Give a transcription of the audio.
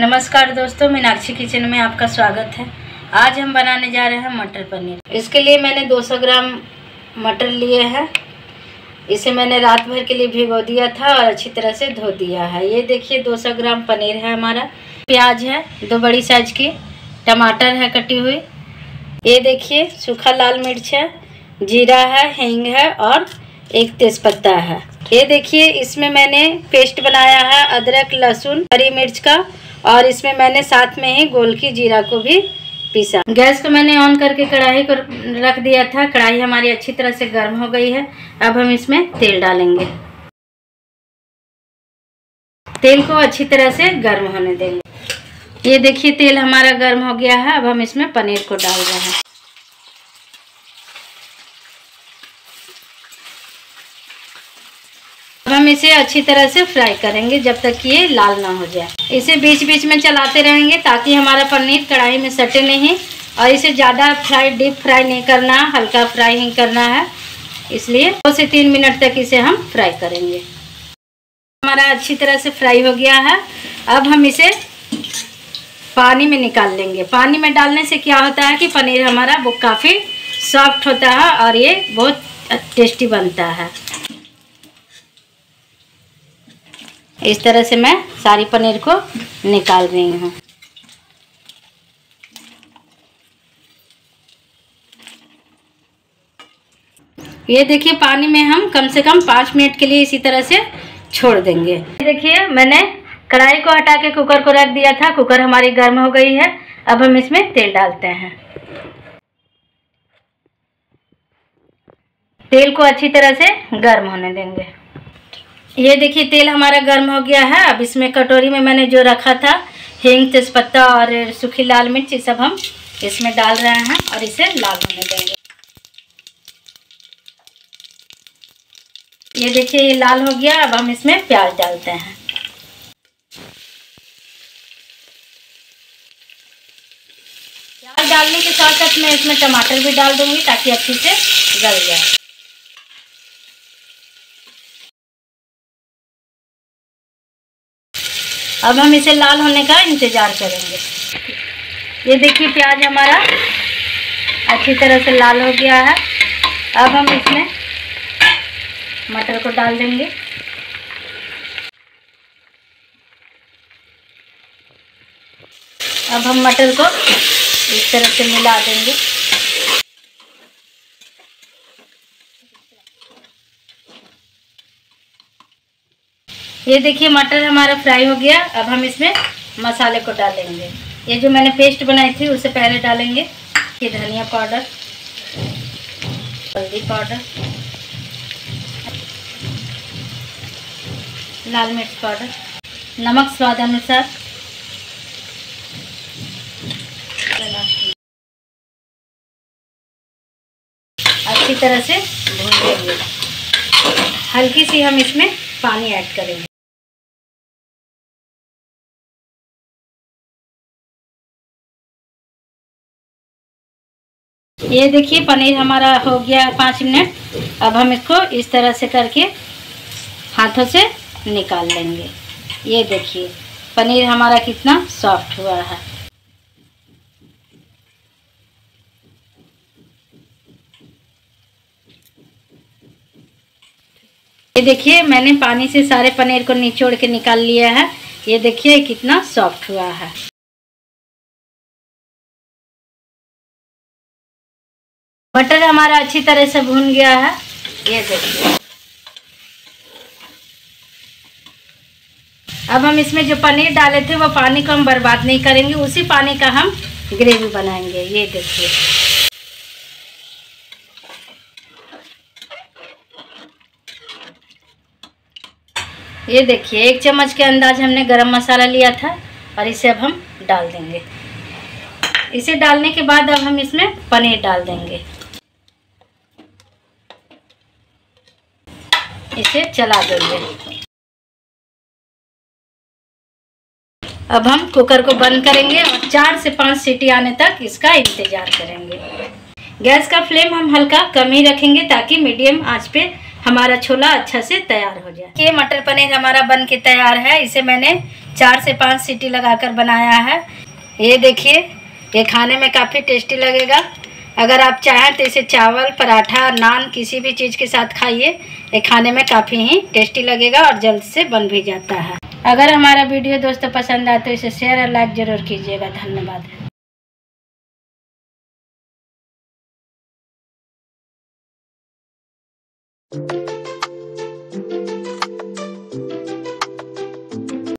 नमस्कार दोस्तों मीनाक्षी किचन में आपका स्वागत है आज हम बनाने जा रहे हैं मटर पनीर इसके लिए मैंने 200 ग्राम मटर लिए हैं इसे मैंने रात भर के लिए भिगो दिया था और अच्छी तरह से धो दिया है ये देखिए 200 ग्राम पनीर है हमारा प्याज है दो बड़ी साइज की टमाटर है कटी हुई ये देखिए सूखा लाल मिर्च है जीरा है हींग है और एक तेज़पत्ता है ये देखिए इसमें मैंने पेस्ट बनाया है अदरक लहसुन हरी मिर्च का और इसमें मैंने साथ में ही गोल की जीरा को भी पीसा गैस को मैंने ऑन करके कढ़ाई को रख दिया था कढ़ाई हमारी अच्छी तरह से गर्म हो गई है अब हम इसमें तेल डालेंगे तेल को अच्छी तरह से गर्म होने देंगे ये देखिए तेल हमारा गर्म हो गया है अब हम इसमें पनीर को डाल रहे हैं अब हम इसे अच्छी तरह से फ्राई करेंगे जब तक कि ये लाल ना हो जाए इसे बीच बीच में चलाते रहेंगे ताकि हमारा पनीर कढ़ाई में सटे नहीं और इसे ज़्यादा फ्राई डीप फ्राई नहीं करना हल्का फ्राई ही करना है इसलिए दो से तीन मिनट तक इसे हम फ्राई करेंगे हमारा अच्छी तरह से फ्राई हो गया है अब हम इसे पानी में निकाल लेंगे पानी में डालने से क्या होता है कि पनीर हमारा वो काफ़ी सॉफ्ट होता है और ये बहुत टेस्टी बनता है इस तरह से मैं सारी पनीर को निकाल रही हूँ ये देखिए पानी में हम कम से कम पाँच मिनट के लिए इसी तरह से छोड़ देंगे देखिए मैंने कढ़ाई को हटा के कुकर को रख दिया था कुकर हमारी गर्म हो गई है अब हम इसमें तेल डालते हैं तेल को अच्छी तरह से गर्म होने देंगे ये देखिए तेल हमारा गर्म हो गया है अब इसमें कटोरी में मैंने जो रखा था हिंग तेज़पत्ता और सूखी लाल मिर्च ये सब हम इसमें डाल रहे हैं और इसे लाल होने देंगे ये देखिए ये लाल हो गया अब हम इसमें प्याज डालते हैं प्याज डालने के साथ साथ मैं इसमें टमाटर भी डाल दूंगी ताकि अच्छे से गल जाए अब हम इसे लाल होने का इंतज़ार करेंगे ये देखिए प्याज हमारा अच्छी तरह से लाल हो गया है अब हम इसमें मटर को डाल देंगे अब हम मटर को इस तरह से मिला देंगे ये देखिए मटर हमारा फ्राई हो गया अब हम इसमें मसाले को डालेंगे ये जो मैंने पेस्ट बनाई थी उसे पहले डालेंगे ये धनिया पाउडर हल्दी पाउडर लाल मिर्च पाउडर नमक स्वाद अनुसार अच्छी तरह से भून लेंगे हल्की सी हम इसमें पानी ऐड करेंगे ये देखिए पनीर हमारा हो गया पाँच मिनट अब हम इसको इस तरह से करके हाथों से निकाल लेंगे ये देखिए पनीर हमारा कितना सॉफ्ट हुआ है ये देखिए मैंने पानी से सारे पनीर को निचोड़ के निकाल लिया है ये देखिए कितना सॉफ्ट हुआ है मटर हमारा अच्छी तरह से भून गया है ये देखिए अब हम इसमें जो पनीर डाले थे वो पानी को हम बर्बाद नहीं करेंगे उसी पानी का हम ग्रेवी बनाएंगे ये देखिए ये देखिए एक चम्मच के अंदाज हमने गरम मसाला लिया था और इसे अब हम डाल देंगे इसे डालने के बाद अब हम इसमें पनीर डाल देंगे इसे चला देंगे अब हम कुकर को बंद करेंगे और चार से पाँच सीटी आने तक इसका इंतज़ार करेंगे गैस का फ्लेम हम हल्का कम ही रखेंगे ताकि मीडियम आंच पे हमारा छोला अच्छा से तैयार हो जाए ये मटर पनीर हमारा बन के तैयार है इसे मैंने चार से पाँच सीटी लगाकर बनाया है ये देखिए ये खाने में काफ़ी टेस्टी लगेगा अगर आप चाहें तो इसे चावल पराठा नान किसी भी चीज़ के साथ खाइए ये खाने में काफ़ी ही टेस्टी लगेगा और जल्द से बन भी जाता है अगर हमारा वीडियो दोस्तों पसंद आए तो इसे शेयर और लाइक ज़रूर कीजिएगा धन्यवाद thank you